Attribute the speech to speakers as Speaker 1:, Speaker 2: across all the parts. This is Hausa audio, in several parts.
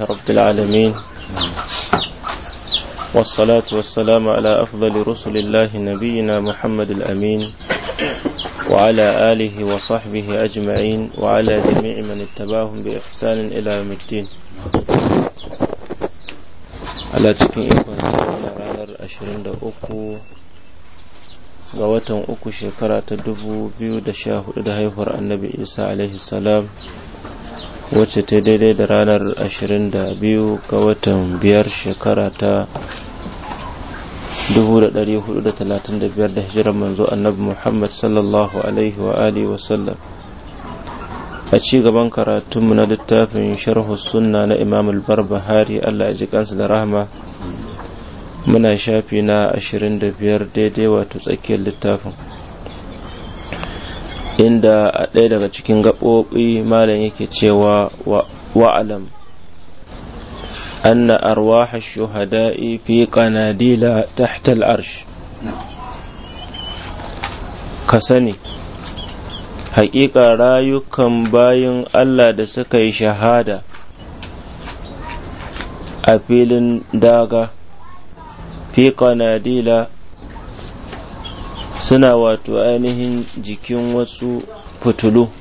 Speaker 1: رب العالمين والصلاة والسلام على أفضل رسل الله نبينا محمد الأمين وعلى آله وصحبه أجمعين وعلى جميع من اتباهم بإحسان إلى يوم الدين على تكين على 23 ga watan uku shekara ta 2014 da haihuwar النبي isa عليه السلام wacce ta daidai da ranar 22 ga watan biyar shekara ta 1435 da hijirar manzo annabi Muhammad sallallahu alaihi wa alihi wa sallam a ci gaban karatunmu na littafin sharhu sunna na Imam al-Barbahari Allah ya ji kansa da rahama muna shafi na 25 daidai wato tsakiyar littafin inda a ɗaya daga cikin gaɓoɓi malam yake cewa wa'alam anna arwaha shuhada'i fi qanadila tahta al-arsh ka sani hakika rayukan bayan Allah da suka yi shahada a filin daga fi qanadila suna wato ainihin jikin wasu fitulu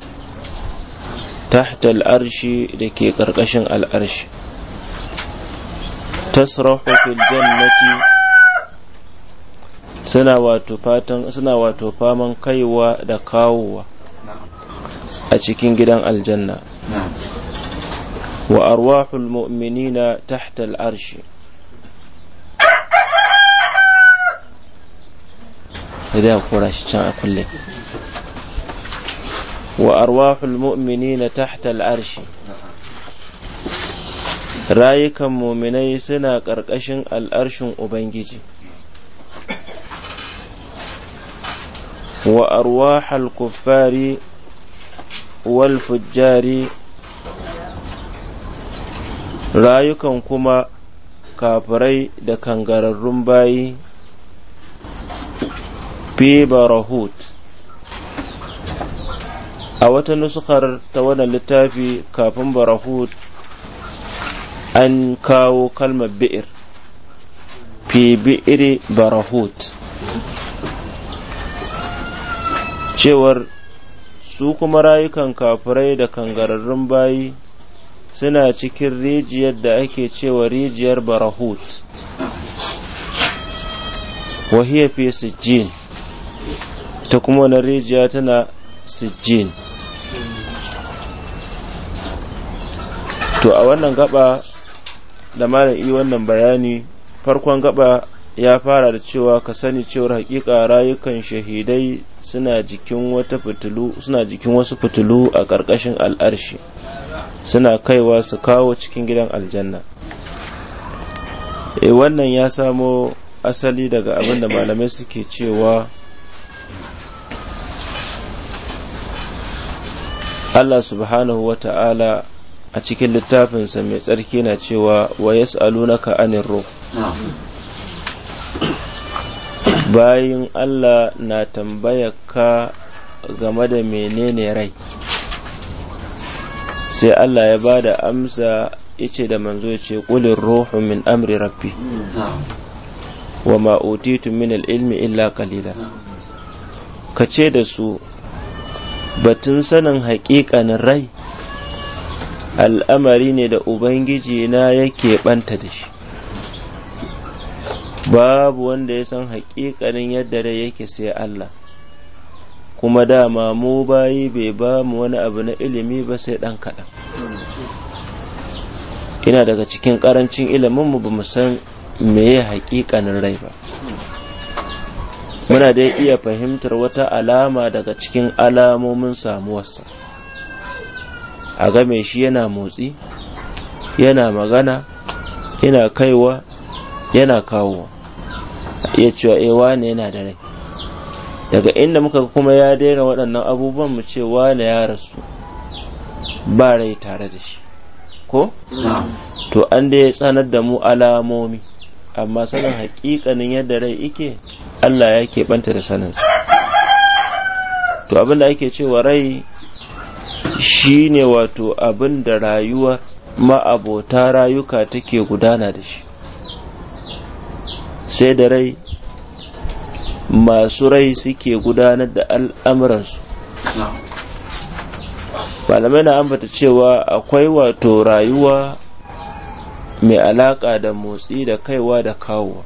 Speaker 1: tahta arshi da ke ƙarƙashin al'arshi tasrahu fil jannati suna wato fatan suna wato faman kaiwa da kawowa a cikin gidan aljanna wa arwahul mu'minina tahta arshi sai dai a kora shi can a kulle wa arwahul mu'minina tahta al'arshi rayukan muminai suna ƙarƙashin al'arshin ubangiji wa arwahul kuffari wal fujjari rayukan kuma kafirai da kangararrun bayi barahut a wata nusukar ta wannan littafi kafin barahut an kawo kalmar bi'ir fi bi'iri barahut cewar su kuma rayukan kafirai da kangararrun bayi suna cikin rijiyar da ake cewa rijiyar barahut wahiya fi sijjin ta kuma wani rijiya tana sijjin to a wannan gaba da malami wannan bayani farkon gaba ya fara da cewa ka sani cewar hakika rayukan shahidai suna jikin wasu fitilu a ƙarƙashin al'arshi suna kaiwa su kawo cikin gidan aljanna e wannan ya samo asali daga abinda malamai suke cewa Allah subhanahu wa ta'ala a cikin littafinsa mai tsarki na cewa wa ya yas'alunaka anir ruh Bayan Allah na tambaya ka game da menene rai sai Allah ya ba da amsa ice da manzo ce kulin ruhu min amri rabbi wa ma'otitu min ilmi illa Kalila. ka ce da su batun sanin haƙiƙanin rai al'amari ne da ubangiji na yake ɓanta da shi babu wanda ya san haƙiƙanin yadda rai yake sai Allah kuma dama mu bayi bai ba mu wani abu na ilimi ba sai ɗan kaɗan ina daga cikin ƙarancin mu ba mu san meye haƙiƙanin rai ba muna dai iya fahimtar wata alama daga cikin alamomin samuwarsa a game shi yana motsi yana magana yana kaiwa yana kawo iya cewa ewa eh, ne yana da rai daga inda muka kuma ya daina waɗannan abubuwan mu ce wane ya rasu ba rai tare da shi ko to an da ya tsanar da mu alamomi amma sanin haƙiƙanin yadda rai ike Allah ya keɓanta da saninsa to abinda da ake cewa rai shi ne wato abin da rayuwa ma'abota rayuka take gudana da shi sai da rai masu rai suke gudanar da al'amuransu malamai na ambata cewa akwai wato rayuwa mai alaƙa da motsi da kaiwa da kawowa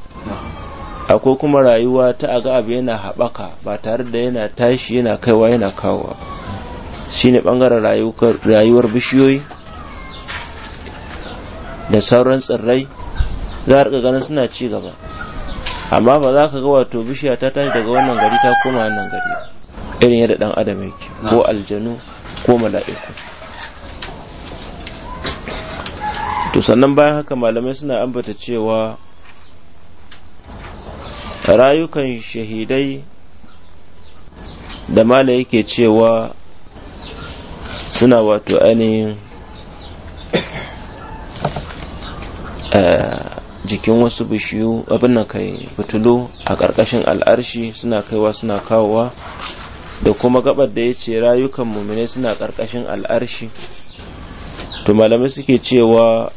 Speaker 1: akwai kuma rayuwa ta aga abu yana haɓaka ba tare da yana tashi yana kaiwa yana kawowa ne ɓangaren rayuwar bishiyoyi da sauran tsirrai za a ganin suna ci gaba amma ba za ka ga wato bishiya ta tashi daga wannan gari ta koma wannan gari irin yadda ɗan adam yake ko aljanu ko mala'iku to sannan bayan haka malamai suna ambata cewa rayukan shahidai da mala yake cewa suna wato ainihin eh, jikin wasu bishiyu abin nan kai fitulu a ƙarƙashin al'arshi suna kaiwa suna kawowa da kuma gabar da ya ce rayukan muminai suna ƙarƙashin al'arshi to malamai suke cewa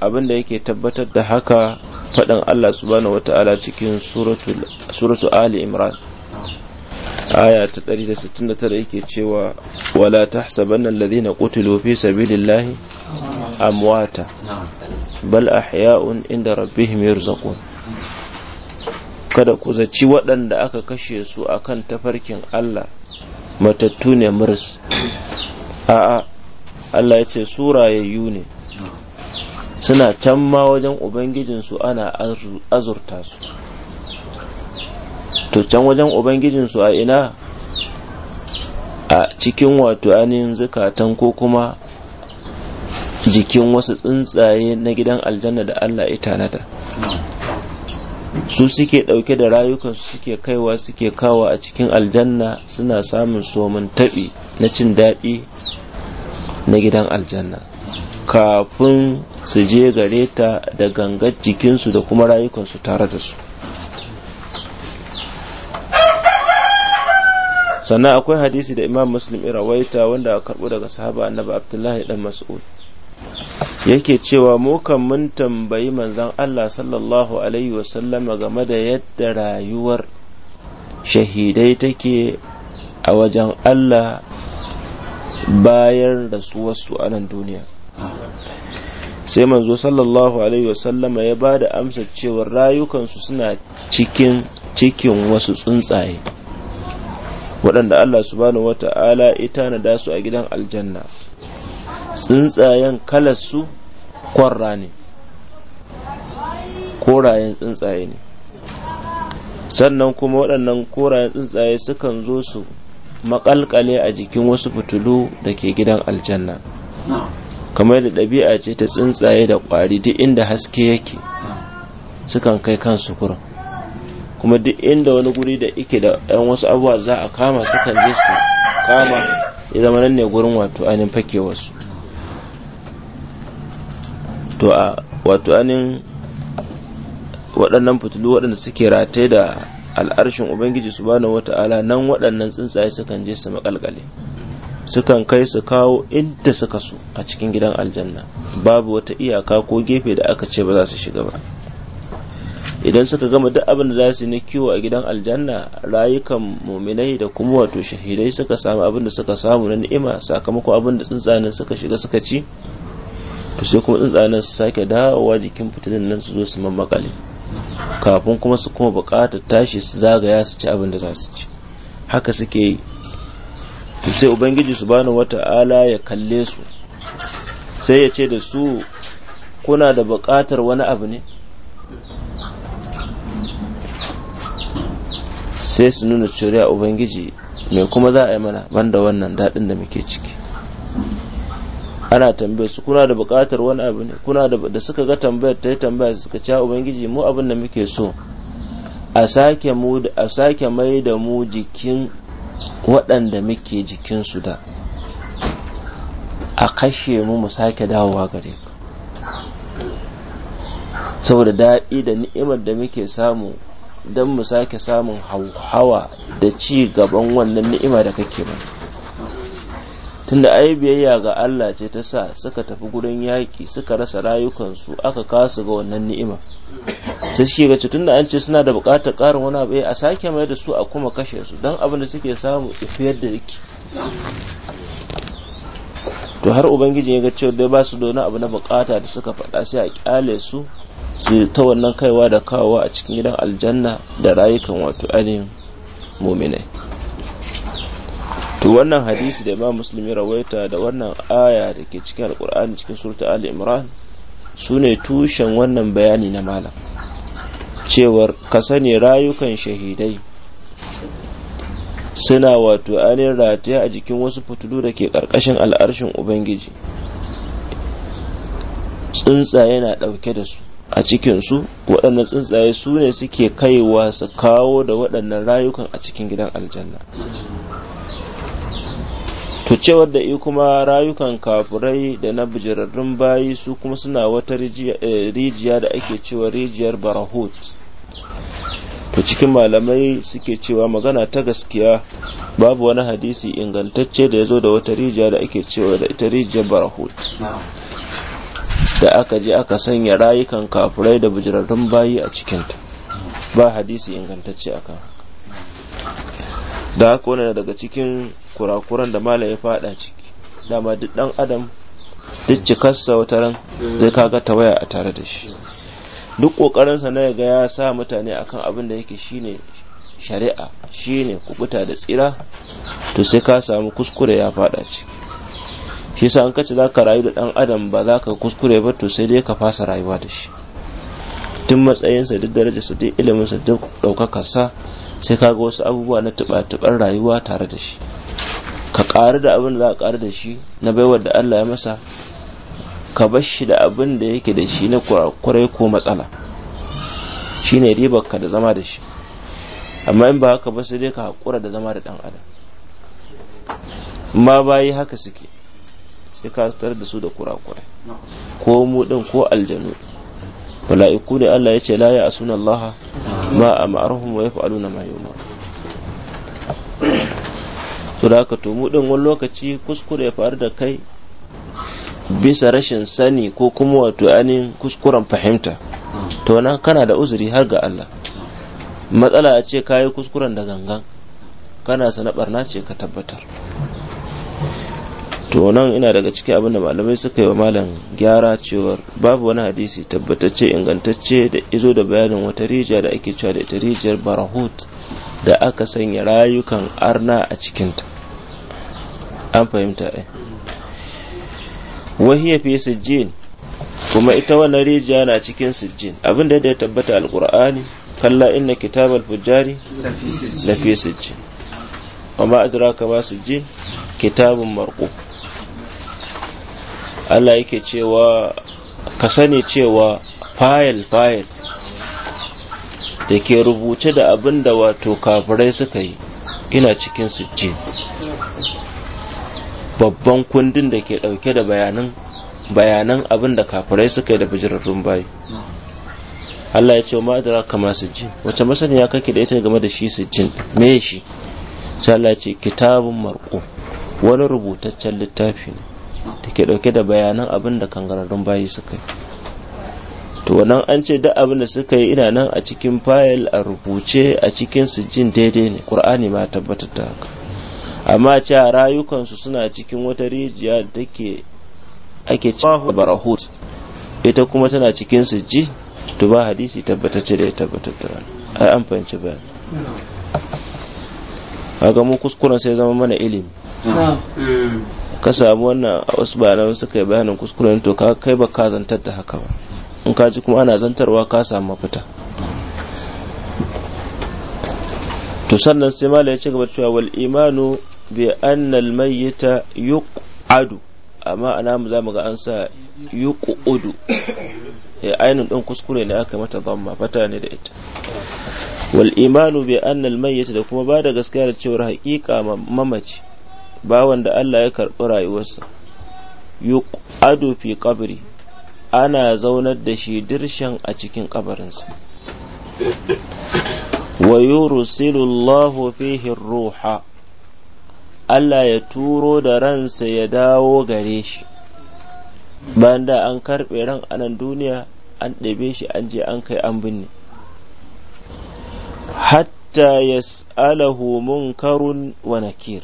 Speaker 1: abin da yake tabbatar da haka faɗin Allah subhanahu ta'ala cikin suratu Ali Imran aya ta 169 yake cewa wala tahsabanna alladhina qutilu fi sabilillahi amwata bal ahya'un inda rabbihim yarzaqun kada ku zaci waɗanda aka kashe su akan tafarkin Allah matattu ne murs a'a Allah ya ce surayayyu ne suna can ma wajen ubangijinsu ana azurta su to can wajen ubangijinsu a ina a cikin wato ainihin zukatan ko kuma jikin wasu tsuntsaye na gidan aljanna da Allah na nata su suke dauke da rayukansu suke kaiwa suke kawa a cikin aljanna suna samun somin taɓi na cin daɗi na gidan aljanna kafin su je gare ta da gangar jikinsu da kuma rayukansu tare da su sannan akwai hadisi da imam muslim irawaita wanda a karɓo daga sahaba annabi abdullahi dan mas'ud yake cewa mu mun tambayi manzan Allah sallallahu alaihi wasallama game da yadda rayuwar shahidai take a wajen Allah bayan rasuwarsu a nan duniya sai manzo sallallahu alaihi wasallama ya ba da amsa cewa rayukansu suna cikin cikin wasu tsuntsaye waɗanda Allah subhanahu wata'ala ita na da su a gidan aljanna tsuntsayen kalarsu kwarra ne korayen tsuntsaye ne sannan kuma waɗannan korayen tsuntsaye sukan zo su makalkale a jikin wasu fitilu da ke gidan aljanna kamar da ɗabi'a ce ta tsuntsaye da ƙwari duk inda haske yake sukan kai kan kurin kuma duk inda wani guri da ike da yan wasu abubuwa za a kama sukan je su kama ya zama nan ne gurin wato anin fake wasu to a wato anin waɗannan fitilu waɗanda suke rataye da al'arshin ubangiji subhanahu wata'ala nan waɗannan tsuntsaye sukan je su makalkale sukan kai su kawo inda suka su a cikin gidan aljanna babu wata iyaka ko gefe da aka ce ba za su shiga ba idan suka gama duk abin da za su na kiwo a gidan aljanna rayukan muminai da kuma wato shahidai suka samu abin da suka samu na ni'ima sakamakon abin da tsuntsanen suka shiga suka ci to sai kuma tsuntsanen su sake dawowa jikin fitilin nan su zo su mamakale kafin kuma su kuma bukatar tashi su zagaya su ci abin da za su ci haka suke yi to sai ubangiji subhanahu wata'ala ya kalle su sai ya ce da su kuna da buƙatar wani abu ne sai su nuna cewa ubangiji mai kuma za a yi mana banda wannan daɗin da muke ciki ana tambayar su kuna da buƙatar wani abu ne kuna da suka ga tambayar ta yi tambaya suka ce ubangiji mu abin da muke so a sake mai da mu jikin waɗanda muke jikinsu da a kashe mu mu sake dawowa gare ka saboda daɗi da ni'imar da muke samu don mu sake samun hauhawa da ci gaban wannan ni'ima da kake ba tunda ai biyayya ga Allah ce ta sa suka tafi gurin yaƙi suka rasa rayukansu aka kasu ga wannan ni'imar. sai suke ga tun da an ce suna da buƙatar ƙarin wani abu eh, a sake mai da su a kuma kashe su don abin da suke samu ifi yadda yake to har ubangiji ya ga cewa dai ba su da wani abu na bukata da suka faɗa sai a ƙyale su su ta wannan kaiwa da kawowa a cikin gidan aljanna da rayukan wato ainihin muminai to wannan hadisi da imam muslim ya rawaita da wannan aya da ke cikin alƙur'ani cikin surta ali imran su ne tushen wannan bayani na malam cewar ka sani rayukan shahidai suna wato ainihin rataya a jikin wasu fitulu da ke ƙarƙashin al'arshin ubangiji tsuntsaye na ɗauke da su a cikinsu waɗannan tsuntsaye su ne suke kaiwa su kawo da waɗannan rayukan a cikin gidan aljanna to cewar da kuma rayukan kafurai da na bijirarrun bayi su kuma suna wata eh, rijiya da ake cewa rijiyar barahut to cikin malamai suke cewa magana ta gaskiya babu wani hadisi ingantacce da ya zo da wata rijiya da ake cewa da ita rijiyar barahut da aka je aka sanya rayukan kafurai da bijirarrun bayi a cikinta ba hadisi ingantacce akan da haka wani daga cikin kurakuran da mala ya fada ciki dama duk dan adam duk cikarsa wata ran zai kaga ta waya a tare da shi duk kokarinsa na ga ya sa mutane akan abin da yake shine shari'a shine kubuta da tsira to sai ka samu kuskure ya fada ciki shi yasa an kace zaka rayu da dan adam ba za ka kuskure ba to sai dai ka fasa rayuwa da shi tun matsayinsa duk darajarsa duk iliminsa duk sa sai ka ga wasu abubuwa na tuba-tuban rayuwa tare da shi ka ƙari da abin da za a ƙari da shi na baiwar da Allah ya masa ka bar shi da abin da yake da shi na kurakurai ko matsala shine ribar ka da zama da shi amma in ba haka ba sai dai ka haƙura da zama da ɗan adam ma bayi haka suke sai ka da su da kurakurai ko mu ko aljanu mala'iku ne Allah ya ce la ya asuna Allah ma a ma'arhum wa yaf'aluna ma yumar to da haka tumu mu din wani lokaci kuskure ya faru da kai bisa rashin sani ko kuma wato anin kuskuren fahimta to nan kana da uzuri har ga Allah matsala a ce kayi kuskuren da gangan kana sana barna ce ka tabbatar to nan ina daga ciki abin da malamai suka yi wa malam gyara cewar babu wani hadisi tabbatacce ingantacce da izo da bayanin wata rijiya da ake cewa da ita rijiyar barahut da aka sanya rayukan arna a cikinta an fahimta ai wahiya fi sijjin kuma ita wannan rijiya na cikin sijjin abin da ya tabbata alqur'ani kalla inna kitabal fujjari lafi sijjin wa ma adraka ba sijjin kitabun marqub Allah yake cewa ka sani cewa fayil fayil da ke rubuce da abin da wato kafirai suka yi ina cikin sujje babban kundin da ke ɗauke da bayanan bayanan abin da kafirai suka yi da bijirarrun bayi Allah ya ce wa ma'adara kama sujjin wace masaniya kake da ita game da shi sujjin me shi sai Allah ya ce kitabun marko wani rubutaccen littafi ne da ke ɗauke da bayanan abin da kangararrun bayi suka yi to wannan an ce duk abin da suka yi ina nan a cikin fayil a rubuce a cikin su jin daidai ne ƙur'ani ma tabbatar da haka amma cewa rayukansu suna cikin wata rijiya da take ake cewa barahut ita kuma tana cikin su ji to ba hadisi ce da ya tabbatar da ai an fahimci bayan kaga mu kuskuren sai zama mana ilimi ka samu wannan a wasu bayanan suka yi bayanin kuskuren to kai ba ka zantar da haka ba in ka ji kuma ana zantarwa ka samu mafita to sannan sai mala ya ci gaba cewa wal imanu bi annal mayyita yuqadu amma ana mu za mu ga an sa yuqudu ya eh, ainin ɗin kuskure ne aka mata zamma fata ne da ita wal imanu bi annal mayyita da kuma ba da gaskiya da cewar haƙiƙa mamaci bawan da Allah ya karɓi rayuwarsa yuqadu fi qabri ana zaunar da shi dirshan a cikin ƙabarinsa. wa yursilu Allah fihi ruha Allah ya turo da ransa ya dawo gare shi Ba da an karɓe ran anan duniya an ɗabe shi an je an kai an binne hatta yas'alahu munkarun wa nakir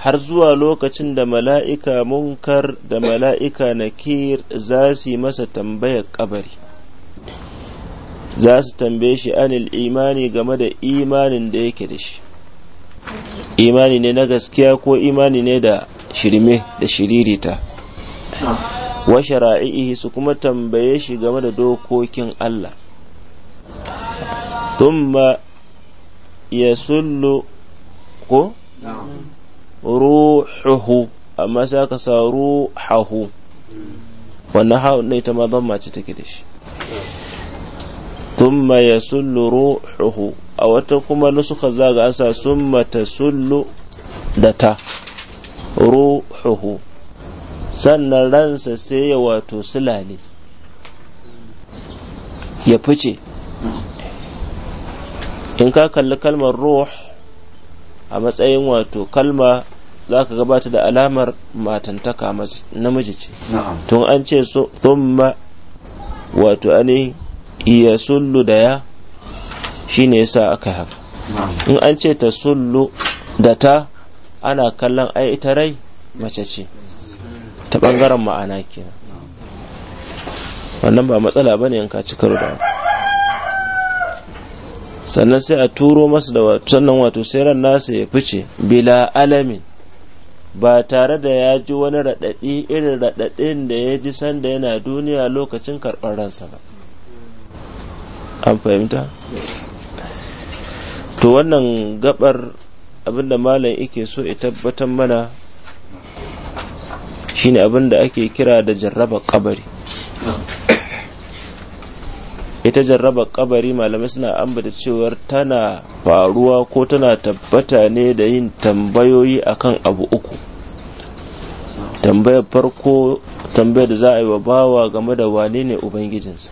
Speaker 1: har zuwa lokacin da mala'ika munkar da mala'ika na kir za su yi masa tambayar kabari za su tambaye shi anil imani game da imanin da yake da shi imani ne na gaskiya ko imani ne da shirme da shiririta wa shara'i'i su kuma tambaye shi game da dokokin Allah thumma yasullu ko ruhuhu amma sai aka sa ruhahu wannan hau ne ta ma mace take da shi thumma yasullu ruhuhu a wata kuma nusuka zaga an sa summa tasullu da ta ruhuhu sannan ransa sai ya wato sulale ya fice in ka kalli kalmar ruh a matsayin wato kalma za ka gabata da alamar matantaka namiji ce tun an ce ma wato ani iya sullu da ya shi ne sa aka haka in an ce ta sullu da ta ana kallon ai ita rai mace ce ta bangaren ma'ana kenan wannan ba matsala ba ne ka ci karo da sannan sai a turo masa da sannan wato sai ran nasa ya fice bila alamin ba tare da ya ji wani raɗaɗi irin raɗaɗin da ya ji sanda yana duniya lokacin karɓar ransa ba an fahimta to wannan gabar abinda malam yake so ya tabbatar mana shine abinda ake kira da jarraba kabari ita jarraba kabari malamai suna ambata cewar tana faruwa ko tana tabbata ne da yin tambayoyi akan abu uku tambayar farko tambayar da za a yi wa bawa game da wane ne ubangijinsa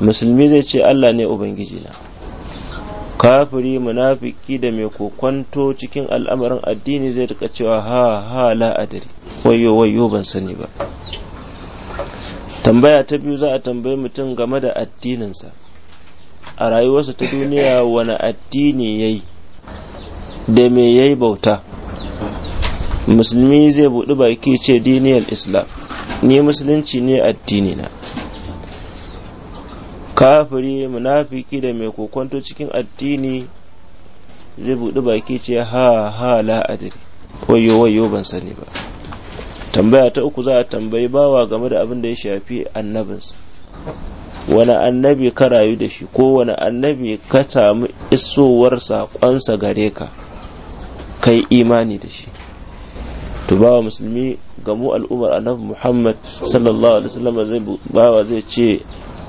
Speaker 1: musulmi zai ce allah ne ubangijina kafiri munafiki da mai kokwanto cikin al'amarin addini zai rika cewa ha ha la wayo wayo ban sani ba tambaya ta biyu za a tambayi mutum game da addininsa a rayuwarsa ta duniya wani addini ya yi da me ya yi bauta musulmi zai buɗi baki ce diniyar islam ni musulunci ne addini na kafiri munafiki da mai kokonto cikin addini zai buɗi baki ce ha ha la wayo wayo ban sani ba tambaya ta uku za a tambayi bawa game da abin da ya shafi annabinsa wani annabi ka rayu da shi ko wani annabi ka samu isowar saƙonsa gare ka kai imani da shi to bawa musulmi ga al'ummar annabi muhammad sallallahu alaihi wasallam zai bawa zai ce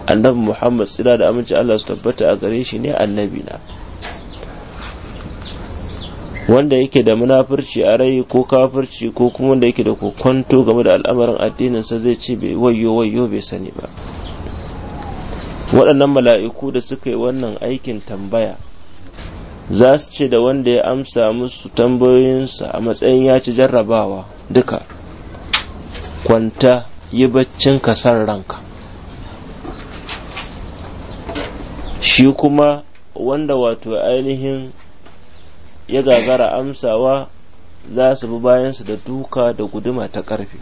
Speaker 1: annabi muhammad tsira da aminci allah su tabbata a gare shi ne annabi na wanda yake da munafurci a rai ko kafurci ko kuma wanda yake da kwanto game da al'amarin addininsa zai ce wayo wayo bai sani ba waɗannan mala'iku da suka yi wannan aikin tambaya za su ce da wanda ya amsa musu tambayoyinsa a matsayin ya ci jarrabawa duka kwanta yi baccin ka san ranka shi kuma wanda wato ainihin ya gagara amsawa za su bi bayansu da duka da guduma ta ƙarfe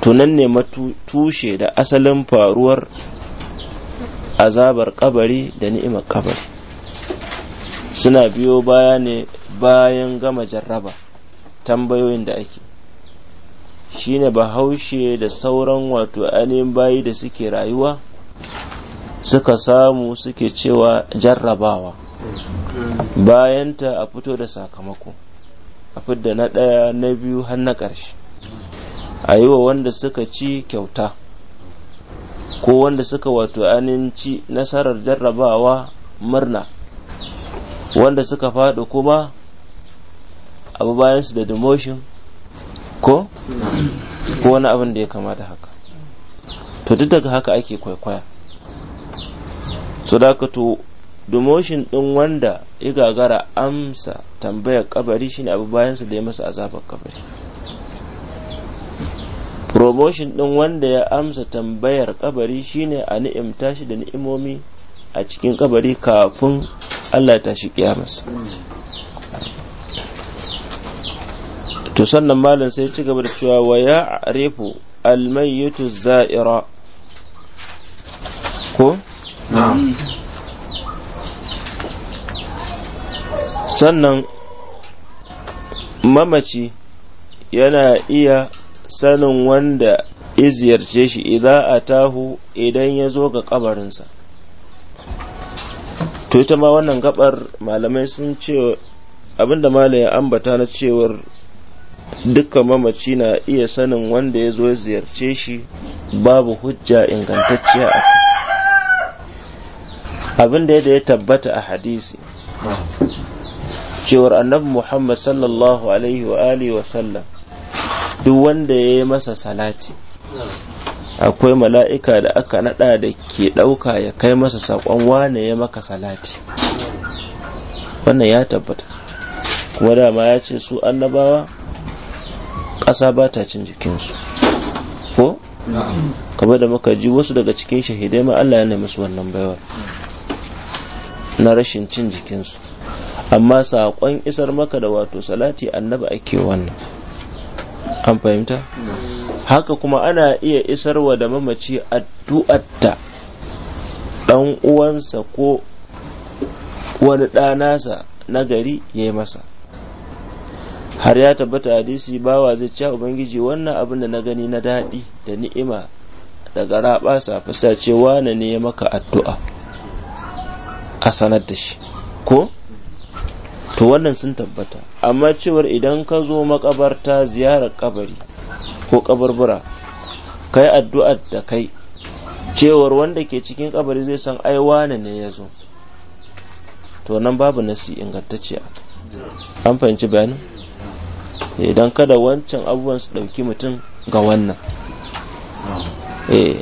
Speaker 1: tunan ne matushe da asalin faruwar azabar kabari da ni'imar kabari suna biyo baya ne bayan gama jarraba tambayoyin da ake shine bahaushe da sauran wato ainihin bayi da suke rayuwa suka samu suke cewa jarrabawa bayanta a fito da sakamako a fidda na ɗaya na biyu har na ƙarshe a yi wa wanda suka ci kyauta ko wanda suka wato ci nasarar jarrabawa murna wanda suka faɗi kuma abu bayansu da demotion ko ko wani abin da ya kama da haka to duk daga haka ake kwaikwaya so da dumoshin ɗin wanda ya gagara amsa tambayar kabari shine abu bayansa da ya masa azabar kabari promotion ɗin wanda ya amsa tambayar kabari shine a ni'imta shi da ni'imomi a cikin kabari kafin Allah ta tashi kiyamarsa to sannan malam sai ci gaba da cewa wa ya arifu almayyutu za'ira ko sannan mamaci yana iya sanin wanda iziyarce shi idan a tahu idan ya zo ga kabarinsa to ita ma wannan gabar malamai sun ce abinda malaya ambata na cewar dukkan mamaci na iya sanin wanda ya zo ya ziyarce shi babu hujja ingantacciya a abin da ya tabbata a hadisi cewar annabi Muhammad sallallahu alaihi wa alihi wa sallam duk wanda ya yi masa salati akwai mala'ika da aka nada da ke ɗauka ya kai masa saƙon wane ya maka salati wannan ya tabbata kuma dama ya ce su annabawa ƙasa ba ta cin jikinsu ko kamar da muka ji wasu daga cikin shahidai ma Allah ya nemi su wannan baiwa na rashin cin jikinsu amma saƙon isar maka da wato salati annabi ake wannan an fahimta haka kuma ana iya isarwa da mamaci addu'ar da ɗan uwansa ko wani ɗanasa na gari ya yi masa har ya tabbata hadisi bawa zai ci ubangiji wannan abin da na gani na daɗi da ni'ima daga raba safa ce wane ne ya maka addu'a a sanar da shi ko to wannan sun tabbata amma cewar idan ka zo makabarta ziyarar kabari ko kabarbura kai addu'a da kai cewar wanda ke cikin kabari zai san ai wane ne ya zo to nan babu nasi ingantacce a an fahimci bayanin idan eh, kada wancan abubuwan su ɗauki mutum ga wannan eh.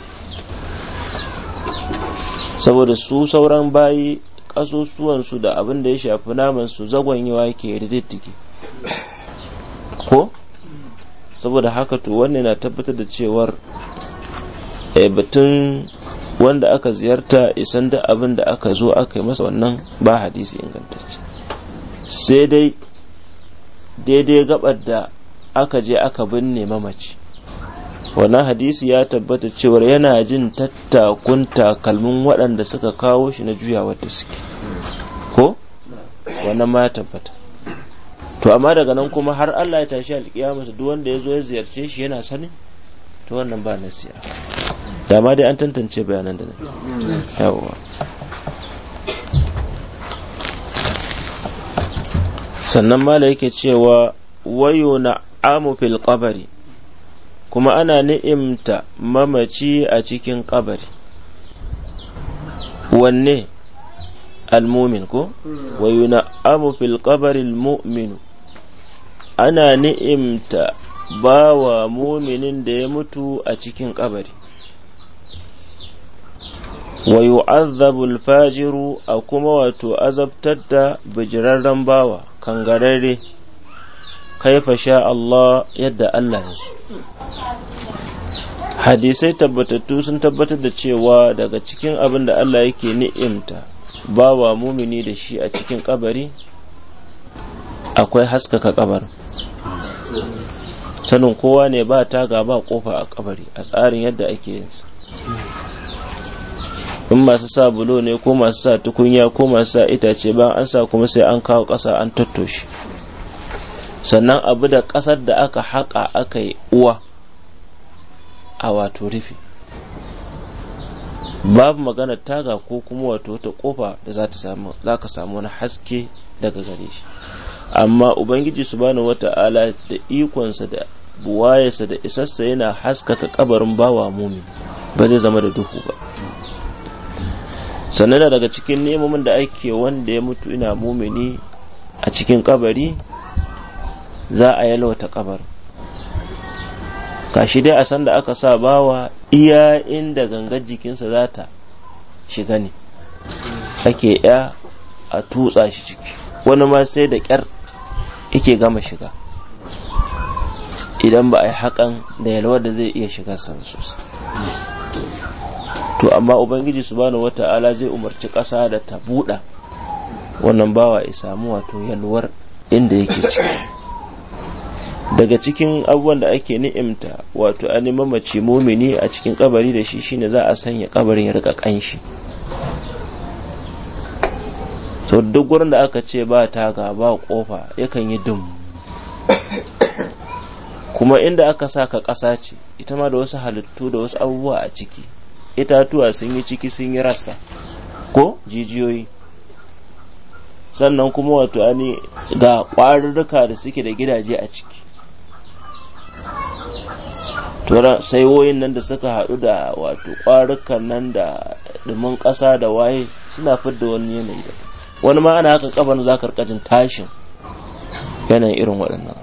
Speaker 1: saboda su sauran bayi kasusuwansu da abin da ya shafi naman su zagonyewa ke ridittike ko saboda haka to wannan na tabbatar da cewar eh, batun wanda aka ziyarta isan da abin da aka zo aka yi masa wannan ba hadisi ingantacce sai dai daidai gabar da aka je aka binne mamaci wannan hadisi ya tabbata cewar yana jin tattakun takalmin waɗanda suka kawo shi na juyawa ta suke ko wannan ma ya tabbata to amma daga nan kuma har Allah ya tashi alƙiyamarsa duk wanda ya zo ya ziyarce shi yana sanin to wannan ba nasiya dama dai an tantance bayanan da nan yawwa sannan mala yake cewa wayo na amu fil kuma ana ni'imta mamaci a cikin kabari wanne almumin ko hmm. na abu fil qabri almu'minu ana ni'imta bawa muminin da ya mutu a cikin kabari Wayu yu'azzabu alfajiru a kuma wato azabtar da bijirarren bawa kangararre kaifa sha Allah yadda Allah ya so hadisai tabbatattu sun tabbatar da cewa daga cikin abin da Allah yake ni'imta bawa mumini da shi a cikin kabari akwai haskaka kabar sanin kowa ne ba ga ba kofa a kabari a tsarin yadda ake yin in masu sa bulo ne ko masu sa tukunya ko masu sa itace ba an sa kuma sai an kawo ƙasa an tattoshe sannan abu da ƙasar da aka haƙa aka yi uwa a wato rufi babu magana taga ko kuma wato wata ƙofa da za ta samu za ka samu wani haske daga gare shi amma ubangiji subhanahu wata'ala da ikonsa da buwayarsa da isassa yana haskaka kabarin bawa mumi ba zai zama da duhu ba sannan daga cikin nemomin da ake wanda ya mutu ina mumini a cikin kabari za a yalwata kabar kashi dai a sanda aka sa bawa iya inda gangar jikinsa za ta shiga ne ake ya a tutsa shi ciki wani ma sai da ƙyar yake gama shiga idan ba a yi hakan da yalwar da zai iya shiga sama sosai to amma ubangiji su wata ala zai umarci ƙasa da ta buɗa wannan bawa ya samu wato yalwar inda yake ciki daga cikin abubuwan da ake ni'imta wato an mamaci mumini a cikin kabari da shi shine za a sanya kabarin ya rika kanshi to duk gurin da aka ce ba taga ba kofa yakan yi dum kuma inda aka sa ka ƙasa ce ita ma da wasu halittu da wasu abubuwa a ciki itatuwa sun yi ciki sun yi rassa ko jijiyoyi sannan kuma wato ani ga ƙwarurruka da suke da gidaje a ciki tura sai woyin nan da suka haɗu da wato ƙwarukan nan da dumin ƙasa da waye suna fidda wani yanayi da wani ma ana haka kabarin za ka jin tashin yanayin irin waɗannan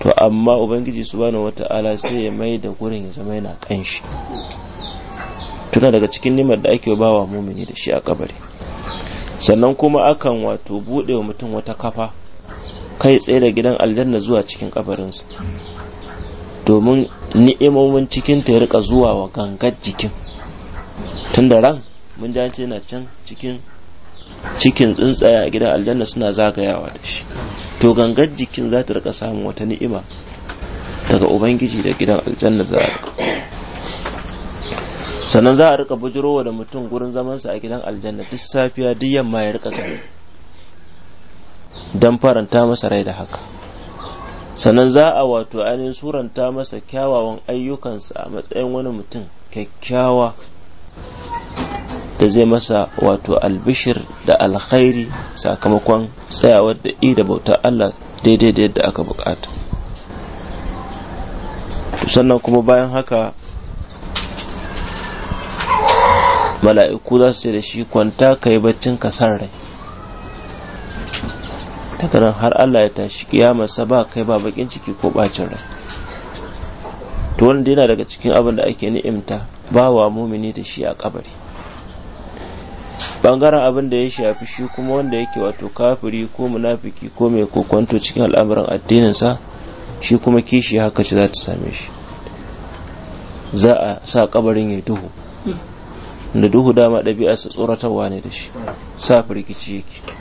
Speaker 1: to amma ubangiji su subhanahu wata'ala sai ya mai da gurin ya zama yana kanshi tuna daga cikin nimar da ake bawa mumini da shi a kabari sannan kuma akan wato buɗe wa mutum wata kafa kai tsaye da gidan aljanna zuwa cikin kabarinsa domin ni'imomin cikin ta rika zuwa wa gangar jikin tun da ran mun ji ce na can cikin cikin tsuntsaye a gidan aljanna suna zagayawa da shi to gangar jikin za ta rika samun wata ni'ima daga ubangiji da gidan aljanna za a rika sannan za a rika bujirowa da mutum gurin zamansa a gidan aljanna duk safiya duk yamma ya rika gani don faranta masa rai da haka sannan za a wato ainihin suranta masa kyawawan ayyukansa a matsayin wani mutum kyakkyawa da zai masa wato albishir da alkhairi sakamakon tsayawar da i da bautar Allah daidai da yadda aka bukata sannan kuma bayan haka mala'iku za su yi da shi kwanta ka yi baccin ka rai daga har Allah ya tashi kiyamarsa ba kai ba bakin ciki ko bacin rai to wanda yana daga cikin abin da ake ni'imta ba wa mumini da shi a kabari bangaren abin da ya shafi shi kuma wanda yake wato kafiri ko munafiki ko mai kokonto cikin al'amuran addininsa shi kuma kishi haka ce za ta same shi za a sa kabarin ya duhu hmm. da duhu dama ɗabi'arsa tsoratarwa ne da shi sa firgici yake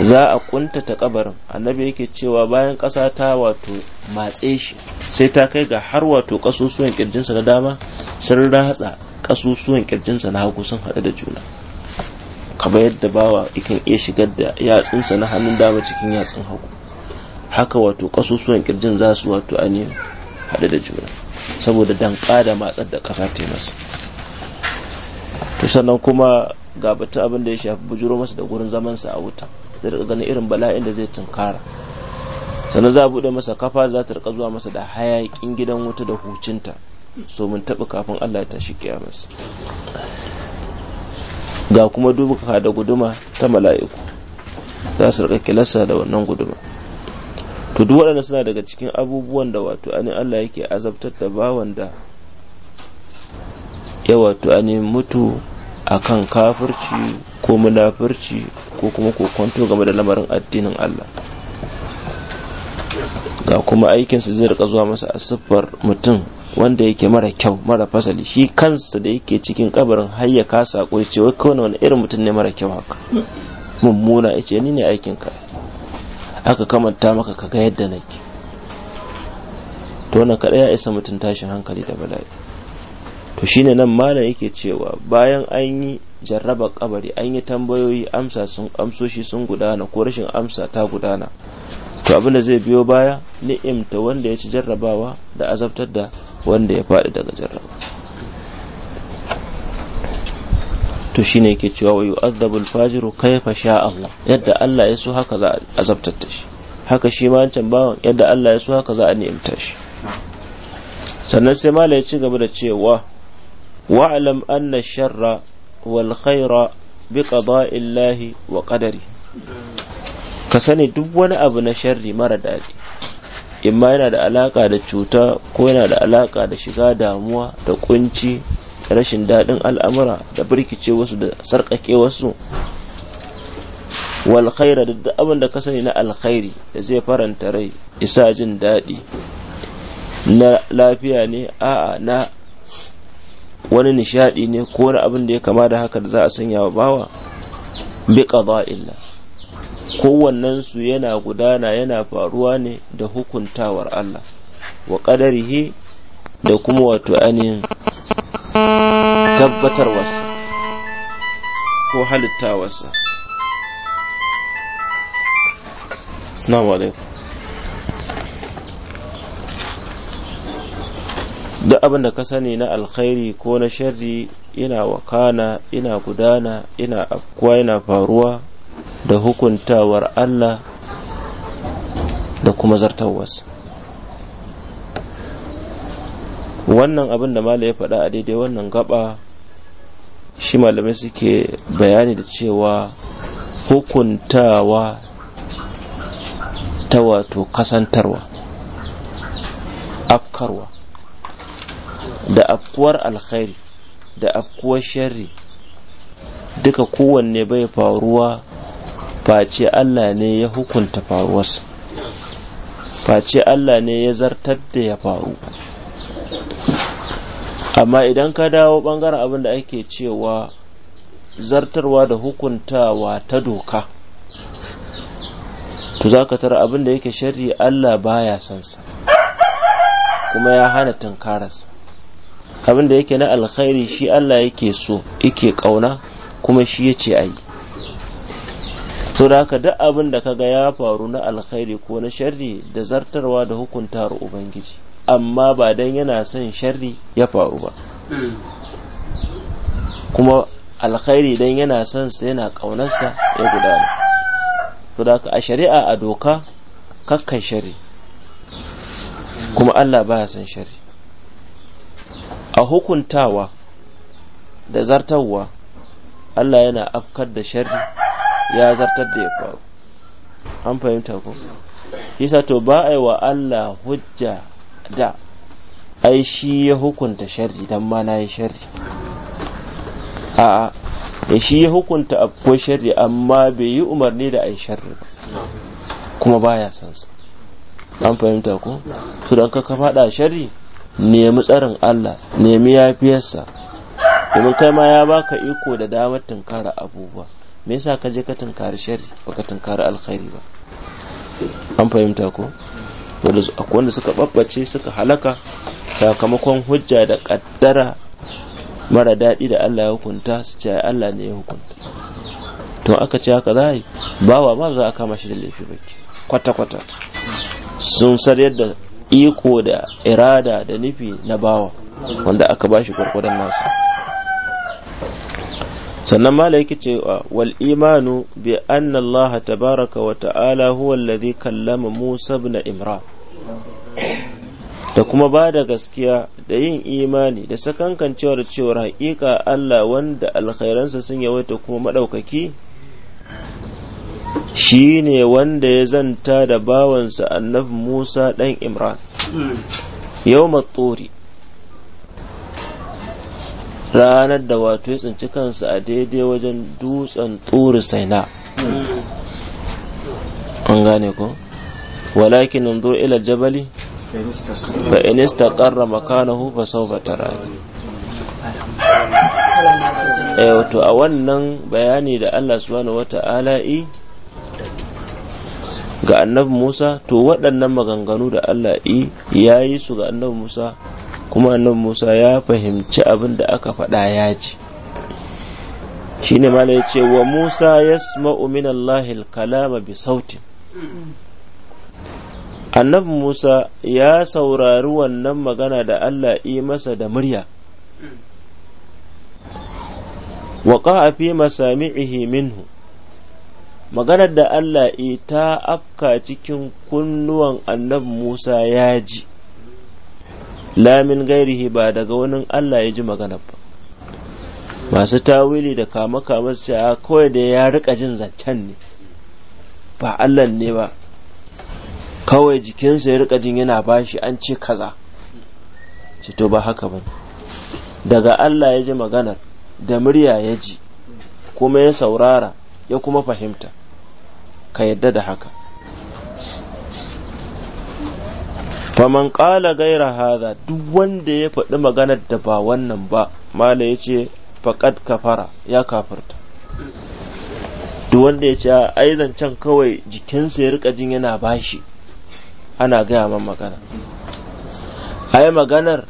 Speaker 1: za a ƙuntata kabarin annabi yake cewa bayan ƙasa ta wato matse shi sai ta kai ga har wato ƙasusuwan kirjinsa na dama sun ratsa ƙasusuwan kirjinsa na hagu sun haɗu da juna kamar yadda bawa ikan iya shigar da yatsunsa na hannun dama cikin yatsun hagu haka wato ƙasusuwan kirjin za su wato ainihin haɗu da juna saboda danƙa da matsar da ƙasa ta yi masa to sannan kuma ga batun abin da ya shafi bujuro masa da gurin sa a wuta zai rika ganin irin bala'in da zai tunkara sannan za a buɗe masa kafa za ta rika zuwa masa da hayakin gidan wuta da hucinta so mun taɓa kafin Allah ya tashi kiyamarsa ga kuma dubuka da guduma ta mala'iku za su rika kilasa da wannan guduma to duk waɗanda suna daga cikin abubuwan da wato ani Allah yake azabtar da bawan da ya wato ani mutu akan kafirci ko munafirci ko kuma kokonto game da lamarin addinin Allah ga kuma aikinsa zai rika zuwa masa a siffar mutum wanda yake mara kyau mara fasali shi kansa da yake cikin kabarin hayya ka sako ce wai kawai wani irin mutum ne mara kyau haka mummuna ya ce ni ne aikin ka aka kamanta maka ka ga yadda nake to wannan kaɗai ya isa mutum tashin hankali da bala'i to shine nan malam yake cewa bayan an yi jarrabar kabari an yi tambayoyi amsa sun amsoshi sun gudana ko rashin amsa ta gudana to abinda zai biyo baya ni'imta wanda ya ci jarrabawa da azabtar da wanda ya faɗi daga jarraba to shine yake cewa wa yu'adhabu al-fajiru kayfa sha'a Allah yadda Allah ya so haka za a azabtar da shi haka shi ma wancan bawan yadda Allah ya so haka za a ni'imta shi sannan sai malai ya ci gaba da cewa wa'alam واعلم أن الشر والخير بقضاء الله وقدره كسني abu na شر mara in ma yana da alaƙa da cuta ko yana da alaƙa da shiga damuwa da kunci da rashin daɗin al'amura da birkice wasu da sarƙaƙe wasu wal da abin da ka sani na alkhairi da zai faranta rai isa jin daɗi na lafiya ne a'a na wani nishadi ne ko wani abin da ya kama da haka da za a sanya wa bawa bi qada'illah kowannen su yana gudana yana faruwa ne da hukuntawar Allah wa qadarihi da kuma wato anin wasa ko halittawarsa Assalamu alaikum duk abin da ka sani na alkhairi ko na sharri ina wakana ina gudana ina afkuwa ina faruwa da hukuntawar Allah da kuma zartawarsa wannan abin da mala ya faɗa a daidai wannan gaba shi malamai suke bayani da cewa hukuntawa ta wato kasantarwa afkarwa da afkuwar alkhairi da afkuwar sharri duka kowanne bai faruwa face Allah ne ya hukunta faruwarsa face Allah ne ya zartar da ya faru amma idan ka dawo bangaren abin da ake cewa zartarwa da hukuntawa ta doka to za ka tara abin da yake shari Allah baya sansa kuma ya hana tunkararsa abin da yake na alkhairi shi Allah yake so yake kauna kuma shi yace ayi so da haka duk abin da kaga ya faru na alkhairi ko na sharri da zartarwa da hukuntar ubangiji amma ba dan yana son sharri ya faru ba kuma alkhairi dan yana son sa yana kaunarsa ya gudana to da haka a shari'a a doka kakkan sharri kuma Allah ba ya son sharri a hukuntawa da zartarwa Allah yana afkar da sharri ya zartar da ya faru an fahimta ko kisa to ba a yi wa Allah hujja da ai shi ya hukunta sharri don ma na yi sharri a'a ya shi ya hukunta afko sharri amma bai yi umarni da ai sharri kuma baya ya sansa. an fahimta ko to don ka faɗa sharri nemi tsarin Allah nemi yafiyarsa domin kai ma ya baka iko da damar tunkara abubuwa me yasa ka je ka tunkari shari baka tunkari alkhairi ba an fahimta ko wanda suka babbace suka halaka sakamakon hujja da kaddara mara daɗi da Allah ya hukunta su ce Allah ne ya hukunta to aka ce haka za yi bawa ba za a kama shi da laifi baki kwata-kwata sun sar yadda iko da irada da nufi na bawa wanda aka bashi gwargwadon nasa sannan mala yake cewa wal imanu bi anna Allah tabaraka wa ta'ala huwa alladhi kallama Musa ibn Imran da kuma ba da gaskiya da yin imani da sakankan da cewa haƙiƙa Allah wanda alkhairansa sun yawaita kuma madaukaki. shi ne wanda ya zanta da bawansa annabi Musa ɗan Imran yau matsori ranar da wato ya tsinci kansa a daidai wajen dutsen tsori saina an gane ku? walakin yanzu ila jabali fa in istaqarra makanahu ba sau ba tara eh, wato a wannan bayani da Allah subhanahu wata ala'i? ga annabi Musa to waɗannan maganganu da Allah ya yi su ga annabi Musa kuma annabi Musa ya fahimci abin da aka faɗa ya ji shi ne ya ce wa Musa yasma'u min Allahil kalama bi sautin annabi Musa ya saurari wannan magana da Allah yi masa da murya wa fi masami'ihi minhu maganar da Allah e ta afka cikin kunnuwan annabi Musa ya ji lamin gairihi ba daga wani Allah ya ji magana ba masu tawili da kama kama su kawai da ya rika jin zancen ne ba Allah ne ba kawai jikinsa ya rika jin yana bashi an ce kaza ce ba haka ba daga Allah ya ji maganar da murya ya ji kuma ya saurara ya kuma fahimta ka yadda da haka faman ƙala gaira haza duk wanda ya faɗi maganar da ba wannan ba mala ya ce faƙad kafara ya kafarta duk wanda ya ce ai zancen kawai jikinsa ya rika jin yana bashi ana gaya man magana ai maganar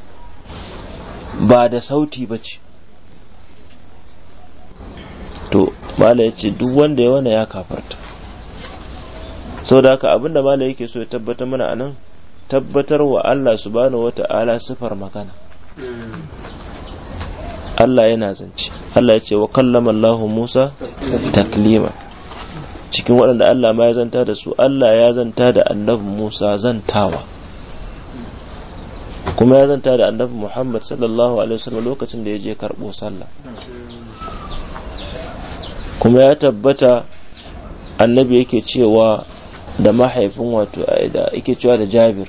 Speaker 1: ba da sauti ba ce to mala ya ce duk wanda ya wana ya kafarta da haka abinda malai yake so ya tabbatar mana anan tabbatar wa Allah subhanahu wata'ala sifar magana Allah yana zance Allah ya ce wa kallama Allah Musa taklima cikin waɗanda Allah ma ya zanta da su Allah ya zanta da annabi Musa zantawa kuma ya zanta da annabi Muhammad sallallahu alaihi wasallam lokacin da ya je karɓo sallah kuma ya tabbata annabi yake cewa da mahaifin wato eh, da ake cewa da jabir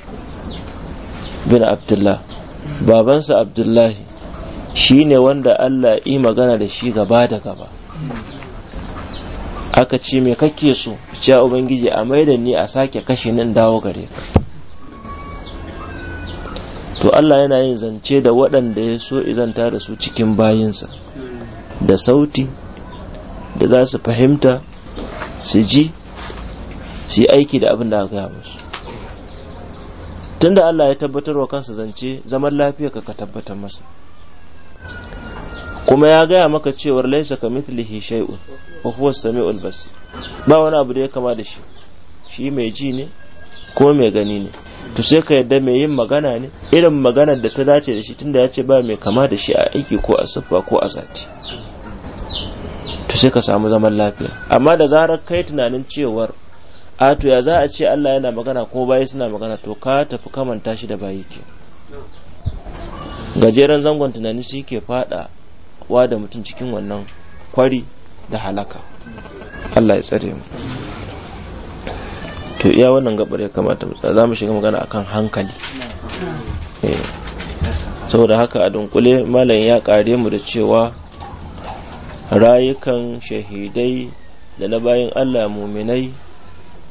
Speaker 1: bin abdullah babansa abdullahi shi ne wanda allah yi magana da shi gaba da gaba aka ce mai kake so cewa ubangiji a maida ni a sake kashe nan dawo gare ka to allah yana yin zance da waɗanda ya so izanta da su cikin bayinsa da sauti da za su fahimta su ji su yi aiki da abin da aka gaya musu da Allah ya tabbatar wa kansa zance zaman lafiya ka ka tabbatar masa kuma ya gaya maka cewar laisa ka mithlihi shay'un wa huwa samiul basir ba wani abu da ya kama da shi shi mai ji ne kuma mai gani ne to sai ka yadda mai yin magana ne irin maganar da ta dace da shi tunda ya ce ba mai kama da shi a aiki ko a siffa ko a zati to sai ka samu zaman lafiya amma da zarar kai tunanin cewar a to ya za a ce Allah yana magana ko bayi suna magana to ka tafi manta shi da bayi ke gajeren zangon tunani shi ke fada wa da mutum cikin wannan kwari da halaka Allah ya tsare mu to iya wannan gabar ya kamata za mu shiga magana akan hankali eh. saboda haka a dunkule malam ya kare mu da cewa rayukan shahidai da na bayan Allah muminai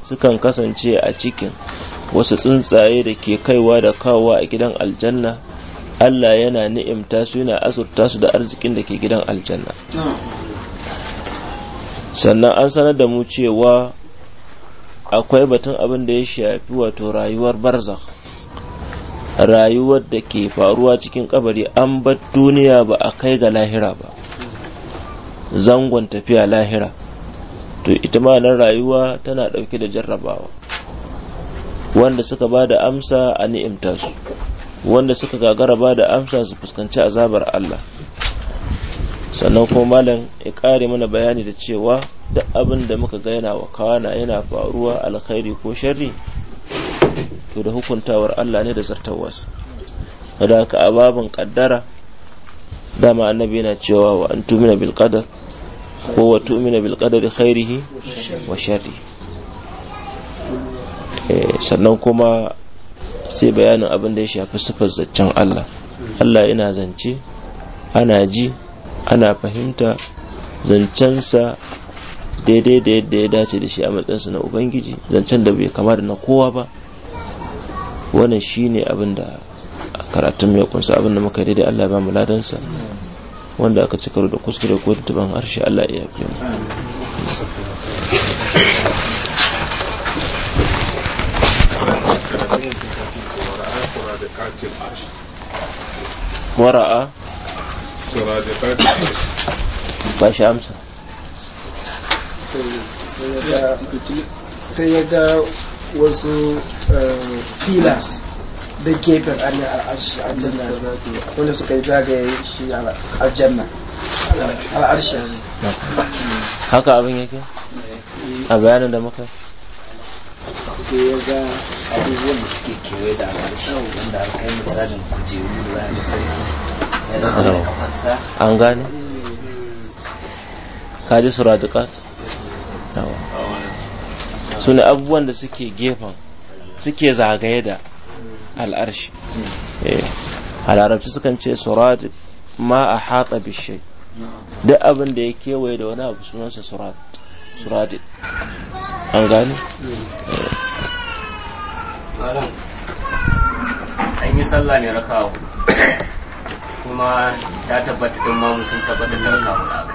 Speaker 1: sukan kasance a cikin wasu tsuntsaye da ke kaiwa da kawowa a gidan aljanna Allah yana ni'imta su yana azurta su da arzikin da ke gidan aljanna sannan an sanar da mu cewa akwai batun abin da ya shafi wato rayuwar barzak rayuwar da ke faruwa cikin kabari an bar duniya ba a kai ga lahira ba zangon tafiya lahira to ita ma nan rayuwa tana ɗauke da jarrabawa wanda suka ba da amsa a ni'imta su wanda suka gagara ba da amsa su fuskanci azabar Allah sannan kuma malam ya ƙare mana bayani da cewa duk abin da muka ga yana kawana yana faruwa alkhairi ko sharri to da hukuntawar Allah ne da zartawarsa haka a ababin kaddara dama annabi yana cewa wa an tumina bil qadar kowa tu'mina bil khairihi wa shari sannan kuma sai bayanin abin da ya shafi sifar zaccen Allah Allah ina zance ana ji ana fahimta zancensa daidai da yadda ya dace da shi a matsayinsa na ubangiji zancen da bai kama da na kowa ba wannan shine abin da karatun mai kunsa abin da muka daidai Allah ba mu ladansa wanda aka ci karo da kuskure ko tuban harshe Allah ya yafe mu wara'a ba shi amsa sai ya ga wasu eh, filas da gefen arin aljanna wanda suka yi zagaye shi aljanna al'arshi haka abin yake a bayanin da muka sai ya ga abubuwan da suke kewaye da al'arshi wanda har kai misalin kujeru da sarki yana da kafarsa an gane kaji suradiqat su ne abubuwan da suke gefen suke zagaye da al'arshi eh, a larabci sukan ce surat ma a hatsa bishai duk abin da ya kewaye da wani abu sunansa surat surat an gani? Eh. an yi sallah ne raka'a kuma ta tabbata din ma sun tabbata da raka'a da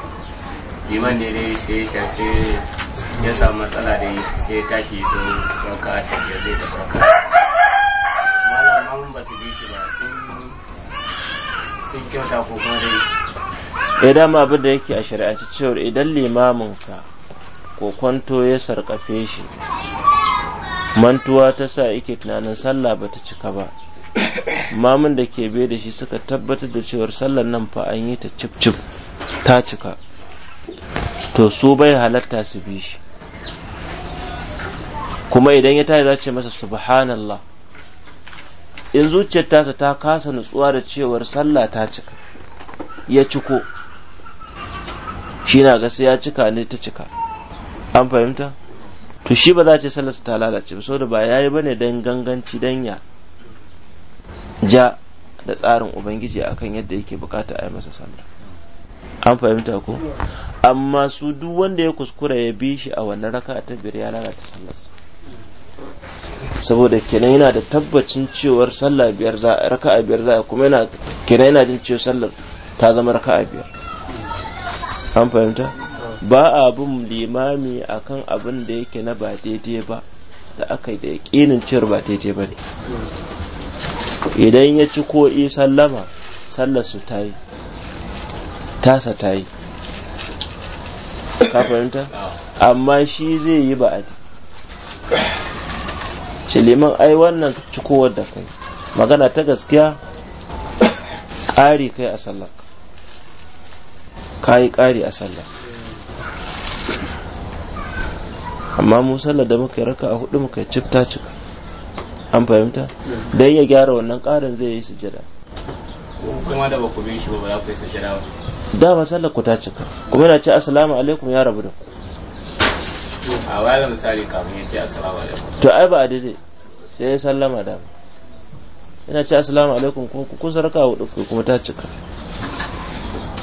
Speaker 1: liman ne dai sai ya sai ya samu matsala da sai ya tashi don raka'a ta biyar zai da raka'a idan ma abin da yake a shari'ance cewar idan limaminka ko kwanto ya sarkafe shi mantuwa ta sa yake tunanin sallah ba ta cika ba mamun da ke bai da shi suka tabbatar da cewar sallar nan fa an yi ta cif ta cika to su bai halatta su bi shi kuma idan ya tayi za ce masa subhanallah in zuciyar tasa ta kasa nutsuwa da cewar sallah ta cika ya ciko shi na gasa ya cika ne ta cika an fahimta to shi ba za ce sallarsa ta lalace ba saboda ba yayi bane dan ganganci dan ya ja da tsarin ubangiji akan yadda yake bukata a yi masa sallah an fahimta ko amma su duk wanda ya kuskura ya bi shi a wannan raka ta biyar ya lalata sallarsa saboda kenan yana da tabbacin cewar sallah biyar za a a biyar za a kuma yana kenan yana jin cewa sallar ta zama raka a biyar an fahimta ba a bin limami akan abin da yake na ba daidai ba da aka yi da yaƙinin cewar ba daidai ba ne idan ya ci ko i sallama sallar su ta yi tasa ta yi ka fahimta amma shi zai yi ba a shi liman ai wannan cikowar da kai magana ta gaskiya ƙari kai a sallar ka yi ƙari a sallar amma mu sallar da muka yi raka a hudu muka yi cifta cif an fahimta don ya gyara wannan ƙarin zai yi sujada kuma da ba ku bin shi ba ba za ku yi sujada ba dama sallar ku ta cika kuma yana ce assalamu alaikum ya rabu da ku a wayar misali kafin ya ce assalamu alaikum to ai ba zai sai ya sallama da yana ce assalamu alaikum kuma ku kusa raka hudu ku kuma ta cika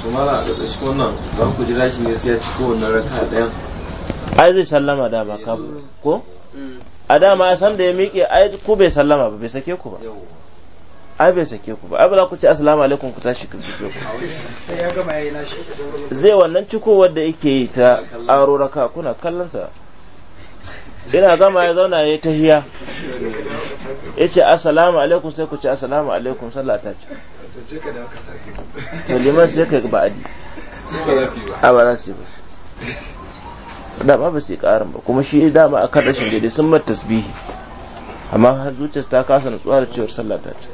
Speaker 1: kuma na a shi wannan ba ku jira shi ne sai ya ci kowanne raka ɗayan ai zai sallama ba ka ko mm. a dama san da ya miƙe ai ku bai sallama ba bai sake ku ba ai bai sake ku ba ai ba za ku ci assalamu alaikum ku tashi ku cike ku sai ya gama yayi shi zai wannan cikowar da yake yi ta aro raka kuna kallon sa ina gama ya zauna yayi tahiya yace assalamu alaikum sai ku ci assalamu alaikum sallah ta ci to ka da ka sake ku ba za su yi ba dama ba sai karin ba kuma shi dama a kan rashin daidai sun mata tasbihi amma har zuciyarsa ta kasa nutsuwa da cewar sallah ta ci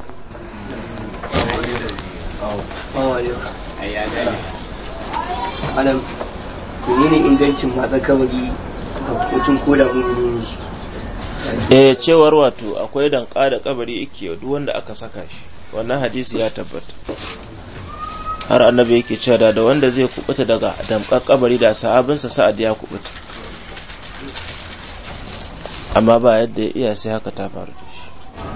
Speaker 1: malam menene ingancin matsa kabari ga mun eh cewar wato akwai danƙa da kabari yake duk wanda aka saka shi wannan hadisi ya tabbata har annabi yake cewa da da wanda zai kubuta daga damkar kabari da sahabinsa sa'ad ya kubuta amma ba yadda ya iya sai haka ta faru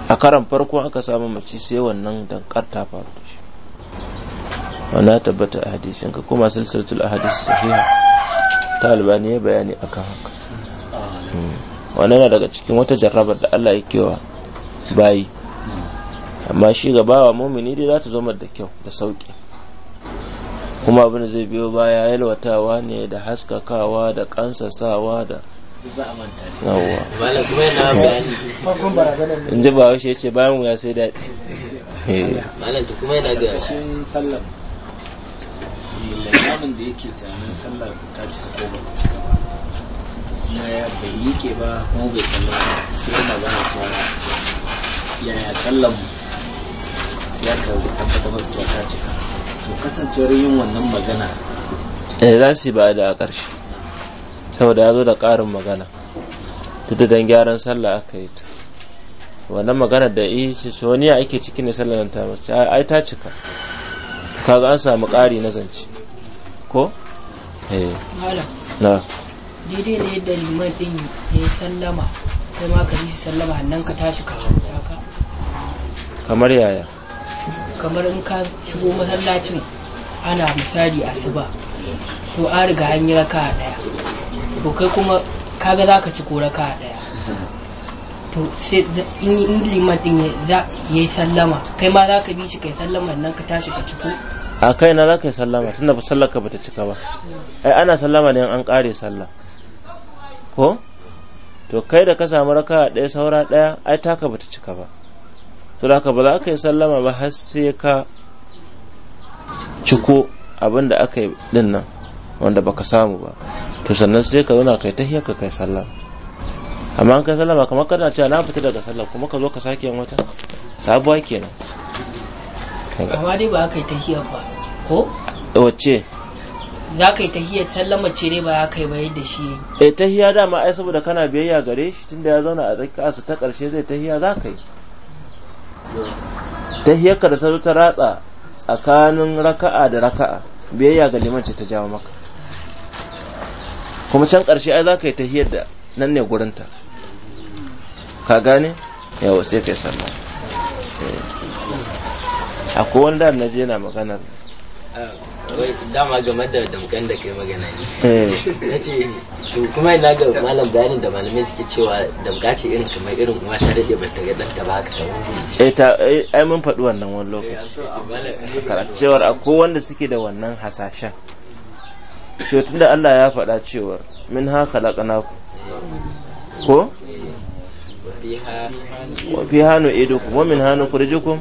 Speaker 1: a karan farko aka samu mace sai wannan dankar ta faru wannan tabbata a hadisin ka kuma silsilatul ahadis sahiha ta albani ya bayani akan haka hmm. wani na daga cikin wata jarrabar da Allah ya kewa bayi amma shi ga bawa mumini dai za ta zo da kyau da sauki kuma abin zai biyo baya yalwatawa ne da haskakawa da kansasawa da in ji ba ya ce bayan wuya sai daɗi limamin da yake tunanin sallar ta cika ko ba ta cika ba ya bai ke ba kuma bai sallar ba sai magana ta yaya sallar mu sai aka tabbata masa cewa ta cika to kasancewar yin wannan magana eh za su ba da a ƙarshe saboda ya zo da ƙarin magana duk da gyaran sallah aka yi ta wannan magana da yi ce wani ya ake ciki ne sallar ta mace ai ta cika kaga an samu ƙari na zance ko eh na daidai ne yadda liman din ya sallama kai ma ka yi sallama hannan ka tashi ka ka kamar yaya kamar in ka shigo masallacin ana misali asuba to an riga hanyar ka daya to kai kuma kaga za ka ci ko raka daya to sai in liman din ya yi sallama kai ma za ka bi shi kai sallama nan ka tashi ka ciko a kai na za ka yi sallama tunda ba sallar ka bata cika ba ai ana sallama ne an kare sallah ko to kai da ka samu raka ɗaya saura ɗaya ai taka bata cika ba to da ka ba za ka yi sallama ba har sai ka ciko abin da aka yi din nan wanda baka samu ba to sannan sai ka zauna kai tahiyar ka kai sallama amma an kai ba kamar kana cewa na fita daga sallah kuma ka zo ka sake yin wata sabuwa kenan amma dai ba aka yi tahiyar ba ko wacce za ka yi tahiyar sallar mace dai ba aka yi ba yadda shi eh tahiya dama ai saboda kana biyayya gare shi tunda ya zauna a asu ta karshe zai tahiya za ka yi tahiyar ka da ta zo ta ratsa tsakanin raka'a da raka'a biyayya ga liman ce ta jawo maka kuma can karshe ai za ka yi tahiyar da nan ne gurinta ka gane yawa sai kai sallah eh. akwai wanda na naje na magana ah, dama game da damkan da kai magana eh. na ce to kuma ina ga malam bayanin da malamai suke cewa damka ce irin kamar irin uwa ta daɗe bata ga ɗanta ba haka eh ta eh, ai mun faɗi wannan wani lokaci karatu cewar akwai wanda suke da wannan hasashen to tunda Allah ya faɗa cewar min ha khalaqnaku ko wa fiha nu'idukum wa minha nukhrijukum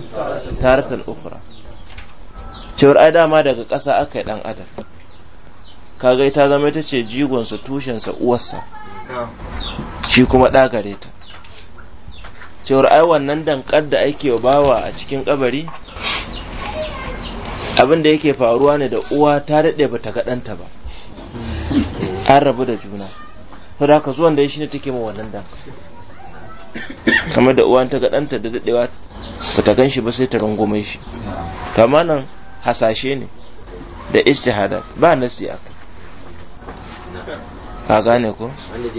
Speaker 1: taratan ukhra cewar ai dama daga ƙasa aka yi ɗan adam kaga ita zama ita ce jigonsa tushensa uwarsa shi kuma ɗa gare ta cewar ai wannan dankar da ake bawa a cikin ƙabari? abin da yake faruwa ne da uwa ta daɗe ba ta gaɗanta ba an rabu da juna to da ka zuwan da ya shine take ma wannan dankar kamar da uwan ta ga ɗanta da daɗewa ba ta gan shi ba sai ta rungume shi to amma nan hasashe ne da istihada ba nasi akai ka gane ko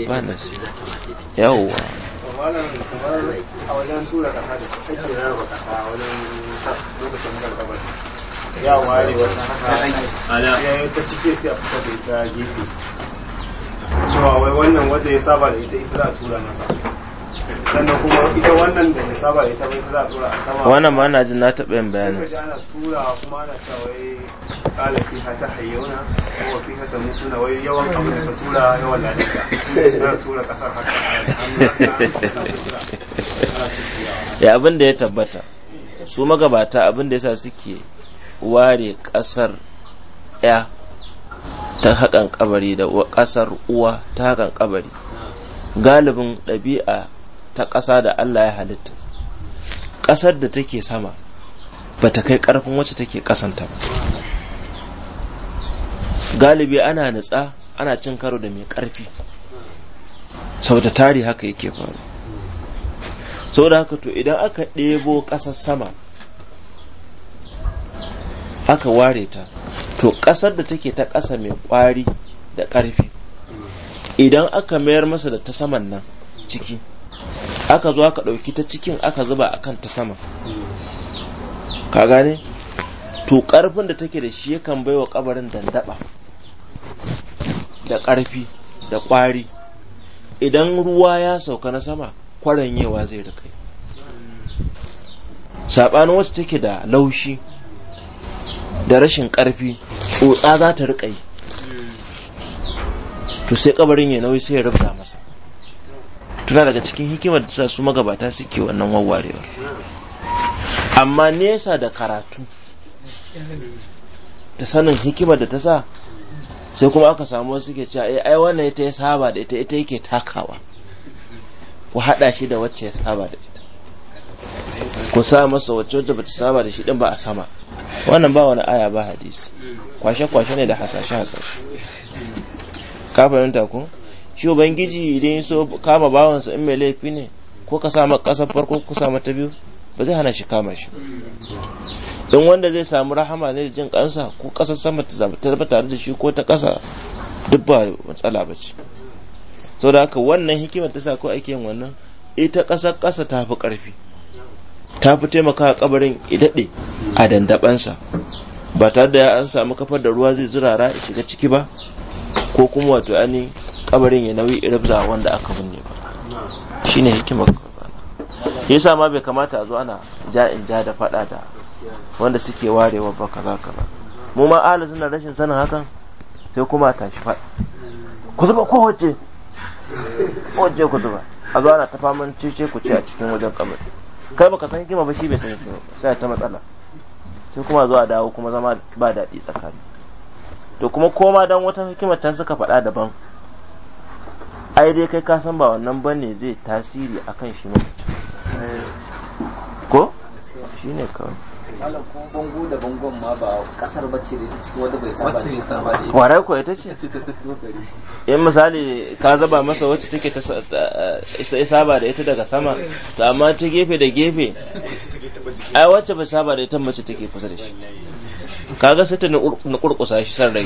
Speaker 1: ba nasi yawwa cewa wai wannan wanda ya saba da ita ita za a tura masa wannan ma na jin na taɓa yin bayanin ya abin da ya tabbata su magabata abin da ya sa suke ware ƙasar ya ta haƙan ƙabari da ƙasar uwa ta haƙan ƙabari galibin ɗabi'a ta ƙasa da Allah ya halitta ƙasar da take sama ba ta kai ƙarfin wacce take ƙasanta ba galibi ana nutsa ana cin karo da mai ƙarfi sau da tari haka yake faru sau da haka to idan aka ɗebo ƙasar sama aka ware ta to ƙasar da take ta ƙasa mai ƙwari da ƙarfi idan aka mayar masa da ta saman nan ciki aka zo aka ɗauki ta cikin aka zuba a kan ta sama ka gane to ƙarfin da take da shi yakan baiwa ƙabarin dandaba da ƙarfi da ƙwari idan ruwa ya sauka na sama kwaranyewa zai da kai saɓanin wacce take da laushi da rashin ƙarfi tsotsa za ta riƙa yi to sai kabarin ya nauyi sai ya rubuta masa tuna daga cikin hikimar da su magabata suke wannan wawwarewar amma nesa da karatu da sanin hikimar da ta sa sai kuma aka samu wasu ke cewa eh, ai wannan ita ya saba da ita ita yake takawa ku haɗa shi da wacce ya saba da ita ku sa masa wacce wacce bata saba da shi din ba a sama wannan ba wani aya ba hadisi kwashe kwashe ne da hasashe hasashe ka fahimta ku? shi ubangiji idan ya so kama bawansa in mai laifi ne ko ka sama kasar farko ko sama ta biyu ba zai hana shi kama shi don wanda zai samu rahama ne da jin kansa ko kasar sama ta zama tare da shi ko ta kasa duk ba matsala ba ce sau da haka wannan hikimar ta sa ko ake yin wannan ita kasar kasa ta fi karfi ta fi taimaka a kabarin idaɗe a dandabansa ba tare da an samu kafar da ruwa zai zurara shiga ciki ba ko kuma wato ani kabarin ya nauyi irabza wanda aka binne ba Shi hikima. hikimar yasa ma bai kamata a zo ana ja in ja da fada da wanda suke warewa ba kaza kaza mu ma ala suna rashin sanin hakan sai kuma a tashi fada ku zuba ko wacce wacce ku zuba a zo ana ta faman cece ku ce a cikin wajen kamar kai baka san hikima ba shi bai san hikima sai ta matsala sai kuma zuwa dawo kuma zama ba daɗi tsakani to kuma koma dan wata hikimar can suka faɗa daban ai dai kai ka san ba wannan bane zai tasiri akan shi ne ko shi ne kawai malam ko bango da bangon ma ba kasar bace da ita cikin wadda bai saba da ita warai ko ita ce yin misali ka zaba masa wacce take ta saba da ita daga sama to amma ta gefe da gefe ai wacce bai saba da ita mace take kusa da shi kaga sai ta na kurkusa shi san rai